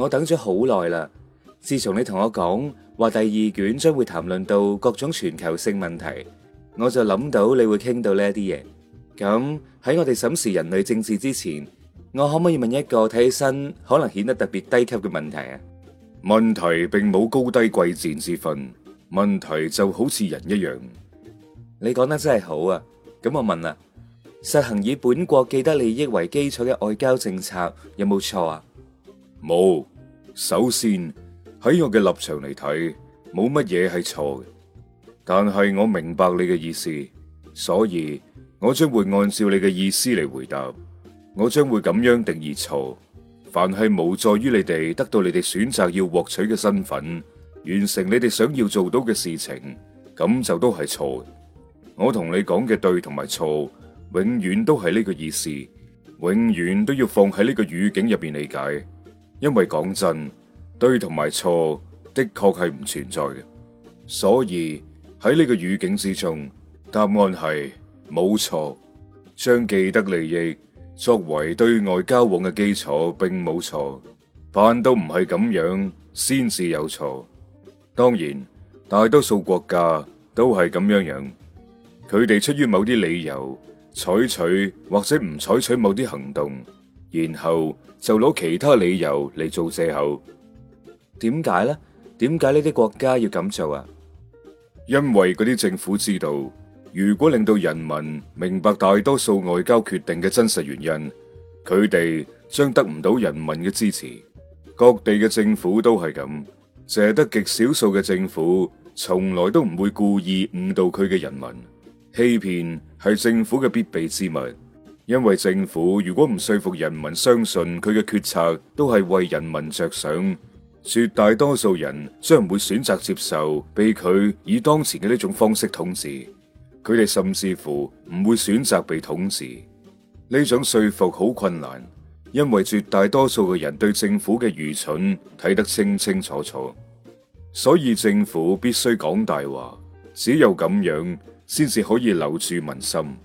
我等咗好耐啦，自從你同我講話，第二卷將會談論到各種全球性問題，我就諗到你會傾到呢一啲嘢。咁喺我哋審視人類政治之前，我可唔可以問一個睇起身可能顯得特別低級嘅問題啊？問題並冇高低貴賤之分，問題就好似人一樣。你講得真係好啊！咁我問啦，實行以本國既得利益為基礎嘅外交政策有冇錯啊？冇。首先喺我嘅立場嚟睇，冇乜嘢係錯嘅。但係我明白你嘅意思，所以我將會按照你嘅意思嚟回答。我將會咁樣定義錯，凡係無助於你哋得到你哋選擇要獲取嘅身份，完成你哋想要做到嘅事情，咁就都係錯嘅。我同你講嘅對同埋錯，永遠都係呢個意思，永遠都要放喺呢個語境入邊理解。因為講真，對同埋錯的確係唔存在嘅，所以喺呢個語境之中，答案係冇錯。將既得利益作為對外交往嘅基礎，並冇錯。但都唔係咁樣，先至有錯。當然，大多數國家都係咁樣樣，佢哋出於某啲理由採取或者唔採取某啲行動。然後就攞其他理由嚟做借口，點解呢？點解呢啲國家要咁做啊？因為嗰啲政府知道，如果令到人民明白大多數外交決定嘅真實原因，佢哋將得唔到人民嘅支持。各地嘅政府都係咁，淨係得極少數嘅政府從來都唔會故意誤導佢嘅人民，欺騙係政府嘅必備之物。因為政府如果唔說服人民相信佢嘅決策都係為人民着想，絕大多數人將唔會選擇接受被佢以當前嘅呢種方式統治，佢哋甚至乎唔會選擇被統治。呢種說服好困難，因為絕大多數嘅人對政府嘅愚蠢睇得清清楚楚，所以政府必須講大話，只有咁樣先至可以留住民心。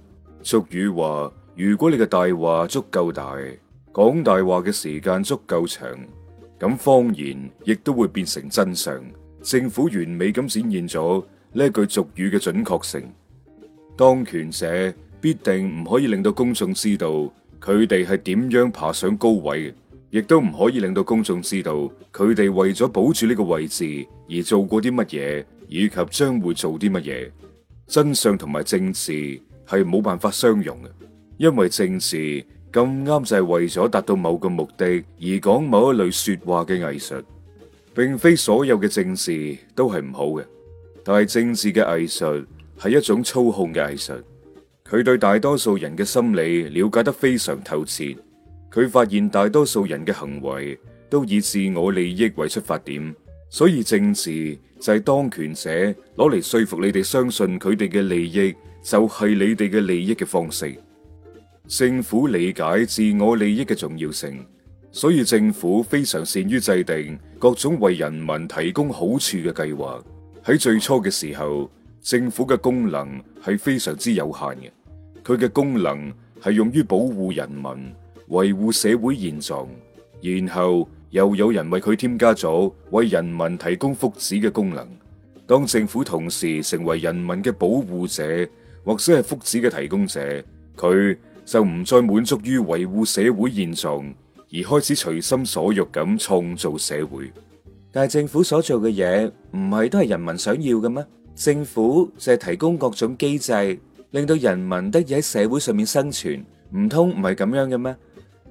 俗語話。如果你嘅大話足夠大，講大話嘅時間足夠長，咁謊言亦都會變成真相。政府完美咁展現咗呢句俗語嘅準確性。當權者必定唔可以令到公眾知道佢哋係點樣爬上高位，亦都唔可以令到公眾知道佢哋為咗保住呢個位置而做過啲乜嘢，以及將會做啲乜嘢。真相同埋政治係冇辦法相容嘅。因為政治咁啱就係為咗達到某個目的而講某一類說話嘅藝術，並非所有嘅政治都係唔好嘅。但係政治嘅藝術係一種操控嘅藝術，佢對大多數人嘅心理了解得非常透徹。佢發現大多數人嘅行為都以自我利益為出發點，所以政治就係當權者攞嚟說服你哋相信佢哋嘅利益就係你哋嘅利益嘅方式。政府理解自我利益嘅重要性，所以政府非常善於制定各種為人民提供好處嘅計劃。喺最初嘅時候，政府嘅功能係非常之有限嘅，佢嘅功能係用於保護人民、維護社會現狀。然後又有人為佢添加咗為人民提供福祉嘅功能。當政府同時成為人民嘅保護者，或者係福祉嘅提供者，佢，就唔再滿足於維護社會現狀，而開始隨心所欲咁創造社會。但係政府所做嘅嘢唔係都係人民想要嘅咩？政府就係提供各種機制，令到人民得以喺社會上面生存，唔通唔係咁樣嘅咩？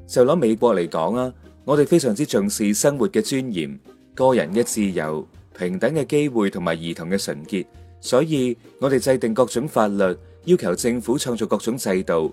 就攞美國嚟講啦，我哋非常之重視生活嘅尊嚴、個人嘅自由、平等嘅機會同埋兒童嘅純潔，所以我哋制定各種法律，要求政府創造各種制度。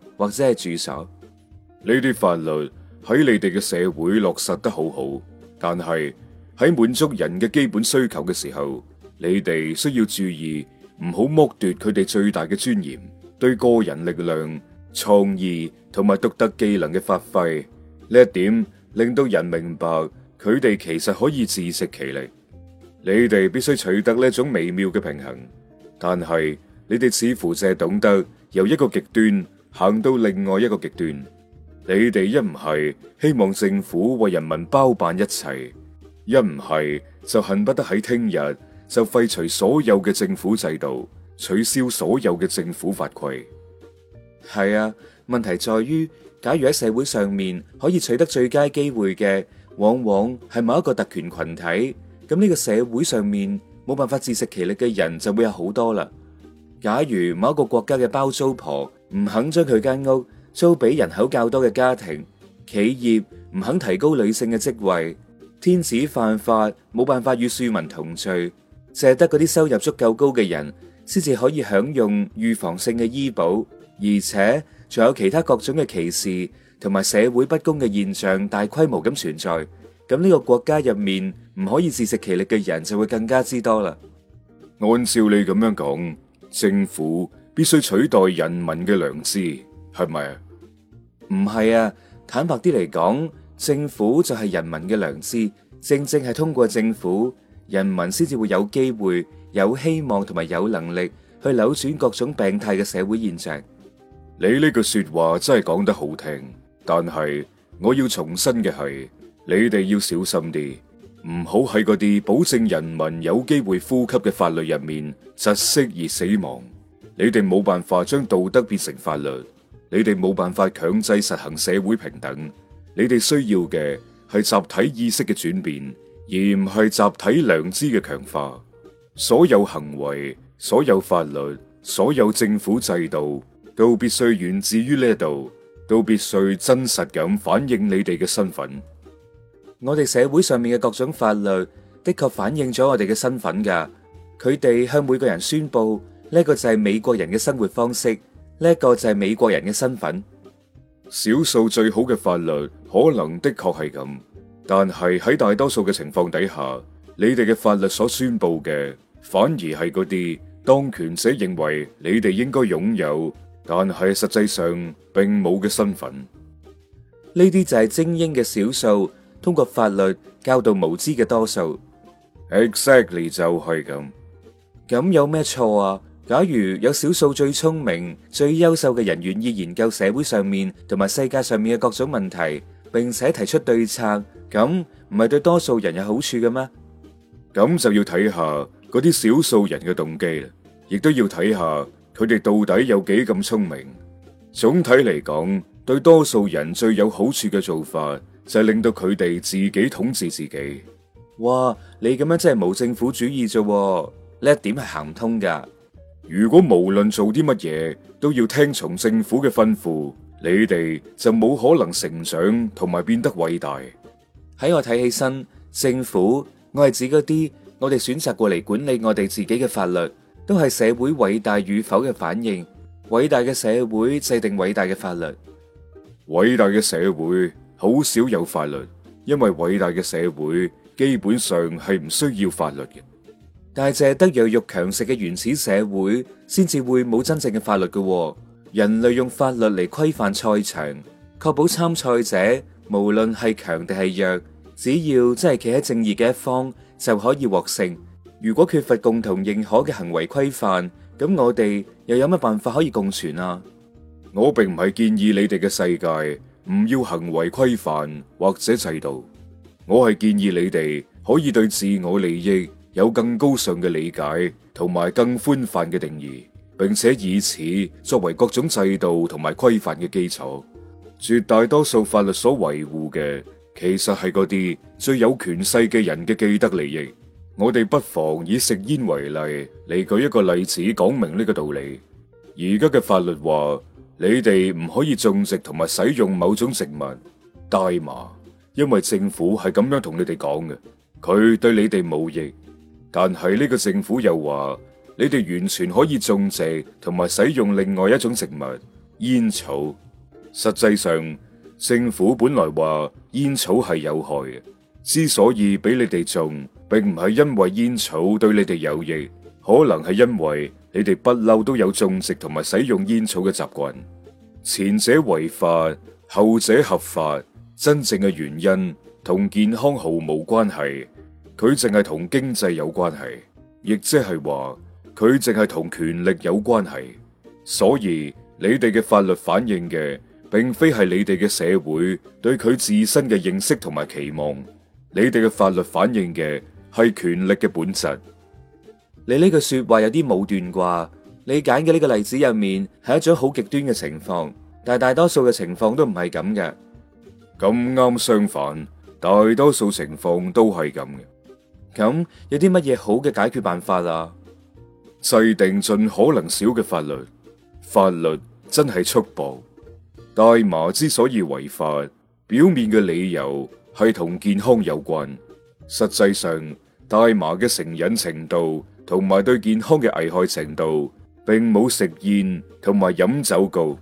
或者係住手呢啲法律喺你哋嘅社會落實得好好，但係喺滿足人嘅基本需求嘅時候，你哋需要注意唔好剝奪佢哋最大嘅尊嚴，對個人力量、創意同埋獨特技能嘅發揮呢一點，令到人明白佢哋其實可以自食其力。你哋必須取得呢一種微妙嘅平衡，但係你哋似乎淨係懂得由一個極端。行到另外一個極端，你哋一唔係希望政府為人民包辦一切，一唔係就恨不得喺聽日就廢除所有嘅政府制度，取消所有嘅政府法規。係啊，問題在於，假如喺社會上面可以取得最佳機會嘅，往往係某一個特權群體，咁呢個社會上面冇辦法自食其力嘅人就會有好多啦。假如某一個國家嘅包租婆。唔肯將佢間屋租俾人口較多嘅家庭、企業，唔肯提高女性嘅職位，天子犯法冇辦法與庶民同罪，淨係得嗰啲收入足夠高嘅人先至可以享用預防性嘅醫保，而且仲有其他各種嘅歧視同埋社會不公嘅現象大規模咁存在，咁呢個國家入面唔可以自食其力嘅人就會更加之多啦。按照你咁樣講，政府。必須取代人民嘅良知，係咪？唔係啊。坦白啲嚟講，政府就係人民嘅良知，正正係通過政府，人民先至會有機會、有希望同埋有能力去扭轉各種病態嘅社會現象。你呢句說話真係講得好聽，但係我要重申嘅係，你哋要小心啲，唔好喺嗰啲保證人民有機會呼吸嘅法律入面窒息而死亡。你哋冇辦法將道德變成法律，你哋冇辦法強制實行社會平等，你哋需要嘅係集體意識嘅轉變，而唔係集體良知嘅強化。所有行為、所有法律、所有政府制度，都必須源自於呢度，都必須真實咁反映你哋嘅身份。我哋社會上面嘅各種法律的確反映咗我哋嘅身份噶，佢哋向每個人宣布。呢個就係美國人嘅生活方式，呢、這個就係美國人嘅身份。少數最好嘅法律可能的確係咁，但係喺大多數嘅情況底下，你哋嘅法律所宣布嘅，反而係嗰啲當權者認為你哋應該擁有，但係實際上並冇嘅身份。呢啲就係精英嘅少數通過法律教導無知嘅多數。Exactly 就係咁，咁有咩錯啊？假如有少數最聰明、最優秀嘅人願意研究社會上面同埋世界上面嘅各種問題，並且提出對策，咁唔係對多數人有好處嘅咩？咁就要睇下嗰啲少數人嘅動機啦，亦都要睇下佢哋到底有幾咁聰明。總體嚟講，對多數人最有好處嘅做法就係令到佢哋自己統治自己。哇，你咁樣真係無政府主義啫，呢一點係行唔通㗎。如果無論做啲乜嘢都要聽從政府嘅吩咐，你哋就冇可能成長同埋變得偉大。喺我睇起身，政府，我係指嗰啲我哋選擇過嚟管理我哋自己嘅法律，都係社會偉大與否嘅反應。偉大嘅社會制定偉大嘅法律，偉大嘅社會好少有法律，因為偉大嘅社會基本上係唔需要法律嘅。但係得弱肉強食嘅原始社會，先至會冇真正嘅法律㗎喎。人類用法律嚟規範賽場，確保參賽者無論係強定係弱，只要真係企喺正義嘅一方就可以獲勝。如果缺乏共同認可嘅行為規範，咁我哋又有乜辦法可以共存啊？我並唔係建議你哋嘅世界唔要行為規範或者制度，我係建議你哋可以對自我利益。有更高尚嘅理解同埋更寬泛嘅定義，並且以此作為各種制度同埋規範嘅基礎。絕大多數法律所維護嘅，其實係嗰啲最有權勢嘅人嘅既得利益。我哋不妨以食煙為例嚟舉一個例子，講明呢個道理。而家嘅法律話，你哋唔可以種植同埋使用某種植物大麻，因為政府係咁樣同你哋講嘅，佢對你哋冇益。但係呢個政府又話，你哋完全可以種植同埋使用另外一種植物煙草。實際上，政府本來話煙草係有害嘅。之所以俾你哋種，並唔係因為煙草對你哋有益，可能係因為你哋不嬲都有種植同埋使用煙草嘅習慣。前者違法，後者合法。真正嘅原因同健康毫無關係。佢淨係同經濟有關係，亦即係話佢淨係同權力有關係。所以你哋嘅法律反映嘅，並非係你哋嘅社會對佢自身嘅認識同埋期望。你哋嘅法律反映嘅係權力嘅本質。你呢句說話有啲武斷啩？你揀嘅呢個例子入面係一種好極端嘅情況，但係大多數嘅情況都唔係咁嘅。咁啱相反，大多數情況都係咁嘅。咁有啲乜嘢好嘅解決辦法啊？制定盡可能少嘅法律，法律真係束縛。大麻之所以違法，表面嘅理由係同健康有關，實際上大麻嘅成癮程度同埋對健康嘅危害程度，並冇食煙同埋飲酒高，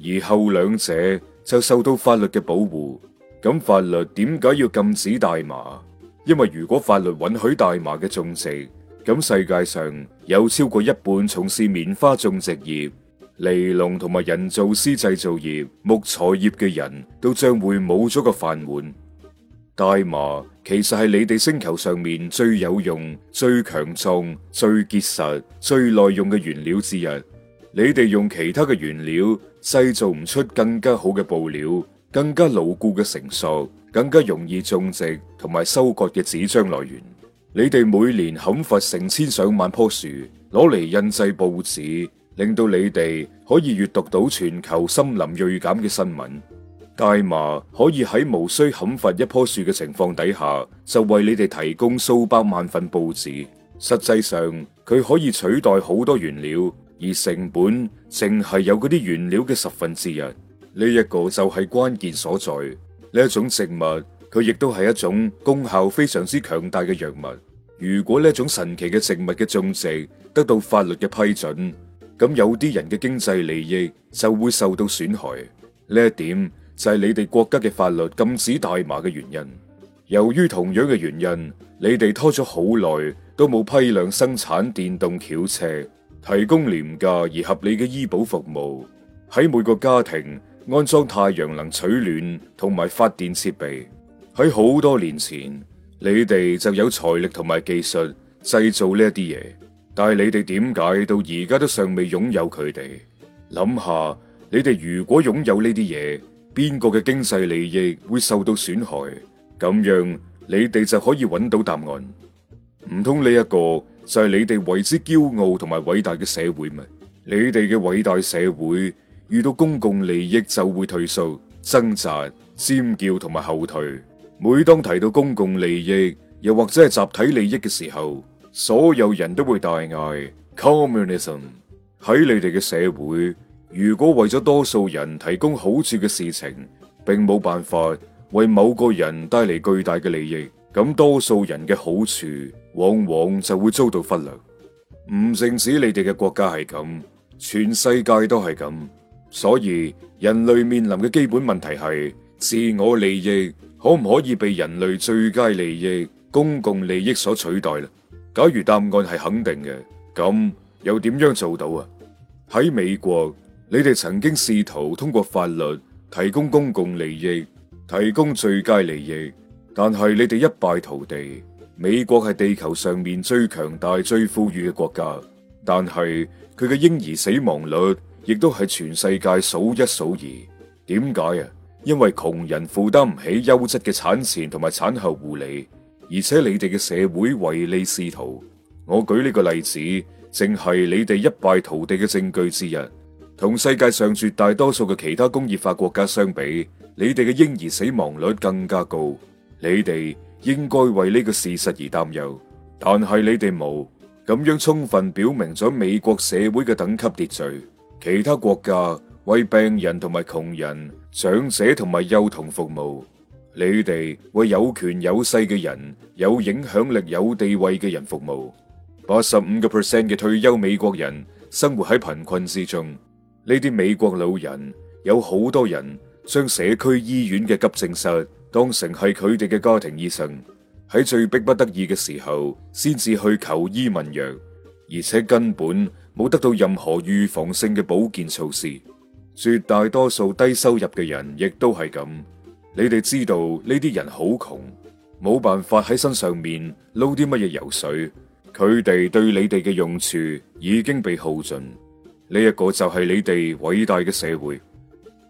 而後兩者就受到法律嘅保護。咁法律點解要禁止大麻？因為如果法律允許大麻嘅種植，咁世界上有超過一半從事棉花種植業、尼龍同埋人造絲製造業、木材業嘅人都將會冇咗個飯碗。大麻其實係你哋星球上面最有用、最強壯、最結實、最耐用嘅原料之一。你哋用其他嘅原料製造唔出更加好嘅布料、更加牢固嘅繩索。更加容易種植同埋收割嘅紙張來源，你哋每年砍伐成千上萬棵樹攞嚟印製報紙，令到你哋可以閱讀到全球森林銳減嘅新聞。大麻可以喺無需砍伐一棵樹嘅情況底下，就為你哋提供數百萬份報紙。實際上，佢可以取代好多原料，而成本淨係有嗰啲原料嘅十分之一。呢、這、一個就係關鍵所在。呢一種植物，佢亦都係一種功效非常之強大嘅藥物。如果呢一種神奇嘅植物嘅種植得到法律嘅批准，咁有啲人嘅經濟利益就會受到損害。呢一點就係你哋國家嘅法律禁止大麻嘅原因。由於同樣嘅原因，你哋拖咗好耐都冇批量生產電動轎車，提供廉價而合理嘅醫保服務，喺每個家庭。安裝太陽能取暖同埋發電設備。喺好多年前，你哋就有財力同埋技術製造呢一啲嘢，但係你哋點解到而家都尚未擁有佢哋？諗下，你哋如果擁有呢啲嘢，邊個嘅經濟利益會受到損害？咁樣你哋就可以揾到答案。唔通呢一個就係你哋為之驕傲同埋偉大嘅社會咩？你哋嘅偉大社會。遇到公共利益就會退縮、掙扎、尖叫同埋後退。每當提到公共利益又或者係集體利益嘅時候，所有人都會大嗌，Communism。喺你哋嘅社會，如果為咗多數人提供好處嘅事情，並冇辦法為某個人帶嚟巨大嘅利益，咁多數人嘅好處往往就會遭到忽略。唔淨止你哋嘅國家係咁，全世界都係咁。所以人類面臨嘅基本問題係自我利益可唔可以被人類最佳利益、公共利益所取代啦？假如答案係肯定嘅，咁又點樣做到啊？喺美國，你哋曾經試圖通過法律提供公共利益、提供最佳利益，但係你哋一敗塗地。美國係地球上面最強大、最富裕嘅國家，但係佢嘅嬰兒死亡率。亦都係全世界數一數二，點解啊？因為窮人負擔唔起優質嘅產前同埋產後護理，而且你哋嘅社會唯利是圖。我舉呢個例子，正係你哋一敗塗地嘅證據之一。同世界上絕大多數嘅其他工業化國家相比，你哋嘅嬰兒死亡率更加高。你哋應該為呢個事實而擔憂，但係你哋冇，咁樣充分表明咗美國社會嘅等級秩序。其他國家為病人同埋窮人、長者同埋幼童服務，你哋為有權有勢嘅人、有影響力、有地位嘅人服務。八十五個 percent 嘅退休美國人生活喺貧困之中，呢啲美國老人有好多人將社區醫院嘅急症室當成係佢哋嘅家庭醫生，喺最迫不得已嘅時候先至去求醫問藥。而且根本冇得到任何預防性嘅保健措施，絕大多數低收入嘅人亦都係咁。你哋知道呢啲人好窮，冇辦法喺身上面撈啲乜嘢油水。佢哋對你哋嘅用處已經被耗盡。呢一個就係你哋偉大嘅社會。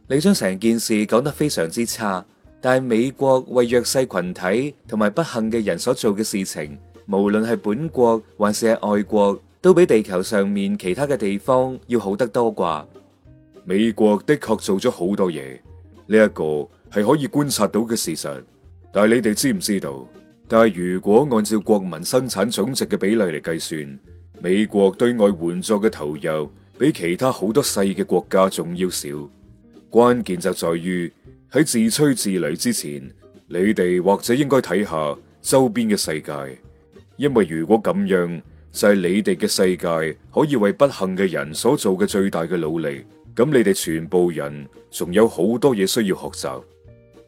你將成件事講得非常之差，但係美國為弱勢群體同埋不幸嘅人所做嘅事情，無論係本國還是係外國。都比地球上面其他嘅地方要好得多啩。美國的確做咗好多嘢，呢一個係可以觀察到嘅事實。但係你哋知唔知道？但係如果按照國民生產總值嘅比例嚟計算，美國對外援助嘅投入比其他好多細嘅國家仲要少。關鍵就在於喺自吹自擂之前，你哋或者應該睇下周邊嘅世界，因為如果咁樣。就係你哋嘅世界可以為不幸嘅人所做嘅最大嘅努力。咁你哋全部人仲有好多嘢需要學習。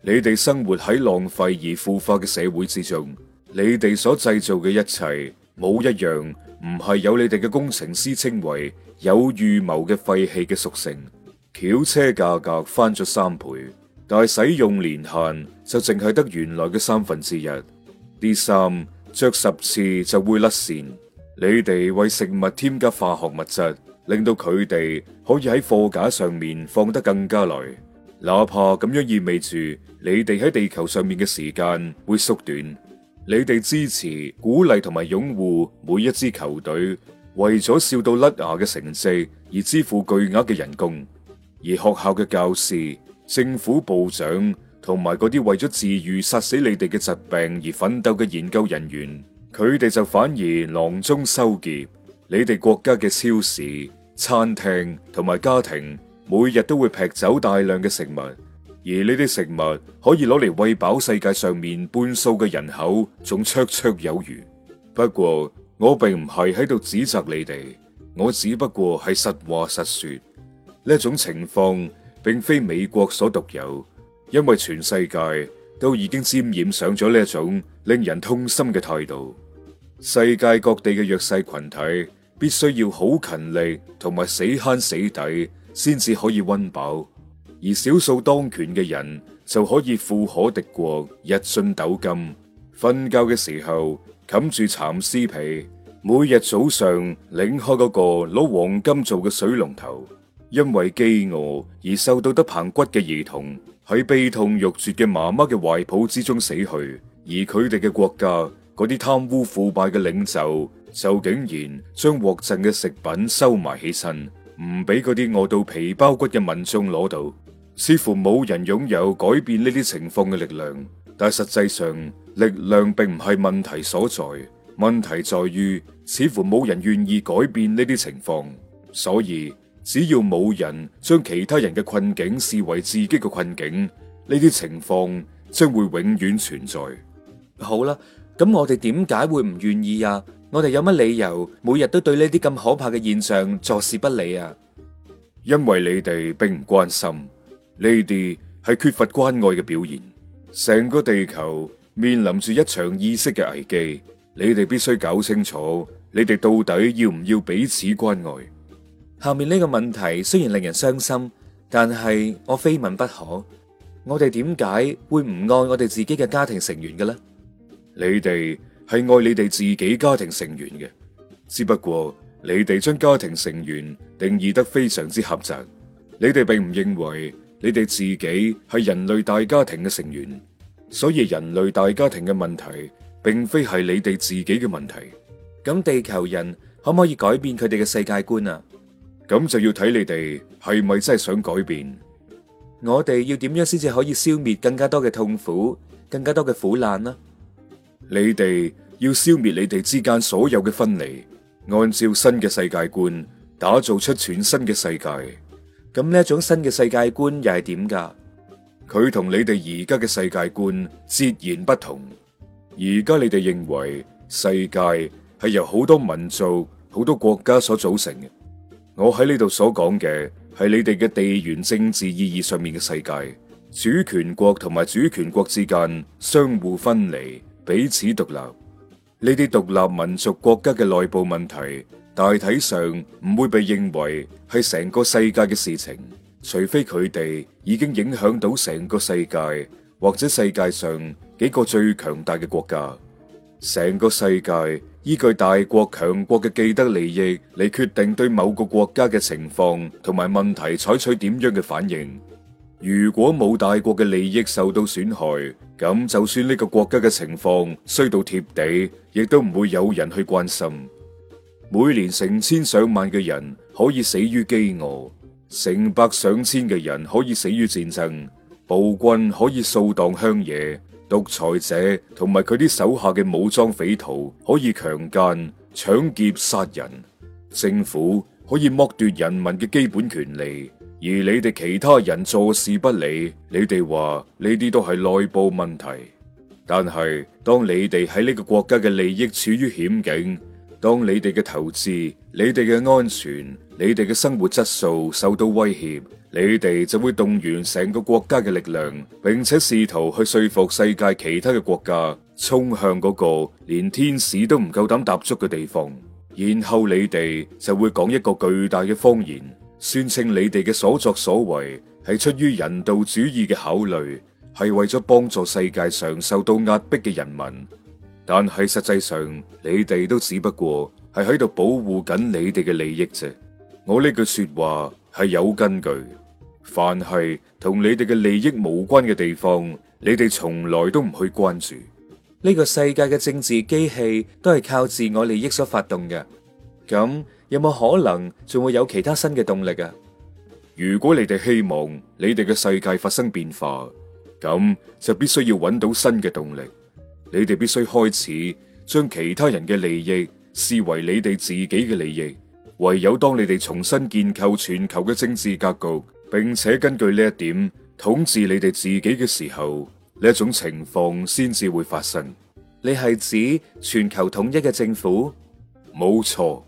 你哋生活喺浪費而腐化嘅社會之中，你哋所製造嘅一切冇一樣，唔係有你哋嘅工程師稱為有預謀嘅廢棄嘅屬性。轎車價格翻咗三倍，但係使用年限就淨係得原來嘅三分之一。啲衫着十次就會甩線。你哋為食物添加化學物質，令到佢哋可以喺貨架上面放得更加耐，哪怕咁樣意味住你哋喺地球上面嘅時間會縮短。你哋支持、鼓勵同埋擁護每一支球隊，為咗笑到甩牙嘅成績而支付巨額嘅人工；而學校嘅教師、政府部長同埋嗰啲為咗治愈殺死你哋嘅疾病而奮鬥嘅研究人員。佢哋就反而囊中羞澀，你哋國家嘅超市、餐廳同埋家庭每日都會劈走大量嘅食物，而呢啲食物可以攞嚟餵飽世界上面半數嘅人口，仲綽綽有餘。不過我並唔係喺度指責你哋，我只不過係實話實說。呢一種情況並非美國所獨有，因為全世界都已經沾染上咗呢一種令人痛心嘅態度。世界各地嘅弱勢群體必須要好勤力同埋死慳死抵先至可以溫飽，而少數當權嘅人就可以富可敵國，日進斗金。瞓覺嘅時候冚住蠶絲被，每日早上擰開嗰個攞黃金做嘅水龍頭。因為飢餓而受到得棚骨嘅兒童喺悲痛欲絕嘅媽媽嘅懷抱之中死去，而佢哋嘅國家。嗰啲貪污腐敗嘅領袖就竟然將獲贈嘅食品收埋起身，唔俾嗰啲餓到皮包骨嘅民眾攞到，似乎冇人擁有改變呢啲情況嘅力量。但係實際上，力量並唔係問題所在，問題在於似乎冇人願意改變呢啲情況。所以，只要冇人將其他人嘅困境視為自己嘅困境，呢啲情況將會永遠存在。好啦。咁我哋點解會唔願意啊？我哋有乜理由每日都對呢啲咁可怕嘅現象坐視不理啊？因為你哋並唔關心，呢啲係缺乏關愛嘅表現。成個地球面臨住一場意識嘅危機，你哋必須搞清楚，你哋到底要唔要彼此關愛。下面呢個問題雖然令人傷心，但係我非問不可。我哋點解會唔愛我哋自己嘅家庭成員嘅呢？你哋係愛你哋自己家庭成員嘅，只不過你哋將家庭成員定義得非常之狹窄。你哋並唔認為你哋自己係人類大家庭嘅成員，所以人類大家庭嘅問題並非係你哋自己嘅問題。咁地球人可唔可以改變佢哋嘅世界觀啊？咁就要睇你哋係咪真係想改變。我哋要點樣先至可以消滅更加多嘅痛苦，更加多嘅苦難呢？你哋要消滅你哋之間所有嘅分離，按照新嘅世界觀打造出全新嘅世界。咁呢一種新嘅世界觀又係點噶？佢同你哋而家嘅世界觀截然不同。而家你哋認為世界係由好多民族、好多國家所組成嘅。我喺呢度所講嘅係你哋嘅地緣政治意義上面嘅世界，主權國同埋主權國之間相互分離。彼此獨立，呢啲獨立民族國家嘅內部問題，大體上唔會被認為係成個世界嘅事情，除非佢哋已經影響到成個世界，或者世界上幾個最強大嘅國家。成個世界依據大國強國嘅既得利益嚟決定對某個國家嘅情況同埋問題採取點樣嘅反應。如果冇大國嘅利益受到損害，咁就算呢個國家嘅情況衰到貼地，亦都唔會有人去關心。每年成千上萬嘅人可以死於飢餓，成百上千嘅人可以死於戰爭，暴君可以掃蕩鄉野，獨裁者同埋佢啲手下嘅武裝匪徒可以強奸、搶劫、殺人，政府可以剝奪人民嘅基本權利。而你哋其他人坐視不理，你哋話呢啲都係內部問題。但係當你哋喺呢個國家嘅利益處於險境，當你哋嘅投資、你哋嘅安全、你哋嘅生活質素受到威脅，你哋就會動員成個國家嘅力量，並且試圖去說服世界其他嘅國家，衝向嗰個連天使都唔夠膽踏足嘅地方。然後你哋就會講一個巨大嘅謊言。宣稱你哋嘅所作所為係出於人道主義嘅考慮，係為咗幫助世界上受到壓迫嘅人民，但係實際上你哋都只不過係喺度保護緊你哋嘅利益啫。我呢句說話係有根據，凡係同你哋嘅利益無關嘅地方，你哋從來都唔去關注。呢個世界嘅政治機器都係靠自我利益所發動嘅，咁。有冇可能仲會有其他新嘅動力啊？如果你哋希望你哋嘅世界發生變化，咁就必須要揾到新嘅動力。你哋必須開始將其他人嘅利益視為你哋自己嘅利益。唯有當你哋重新建構全球嘅政治格局，並且根據呢一點統治你哋自己嘅時候，呢一種情況先至會發生。你係指全球統一嘅政府？冇錯。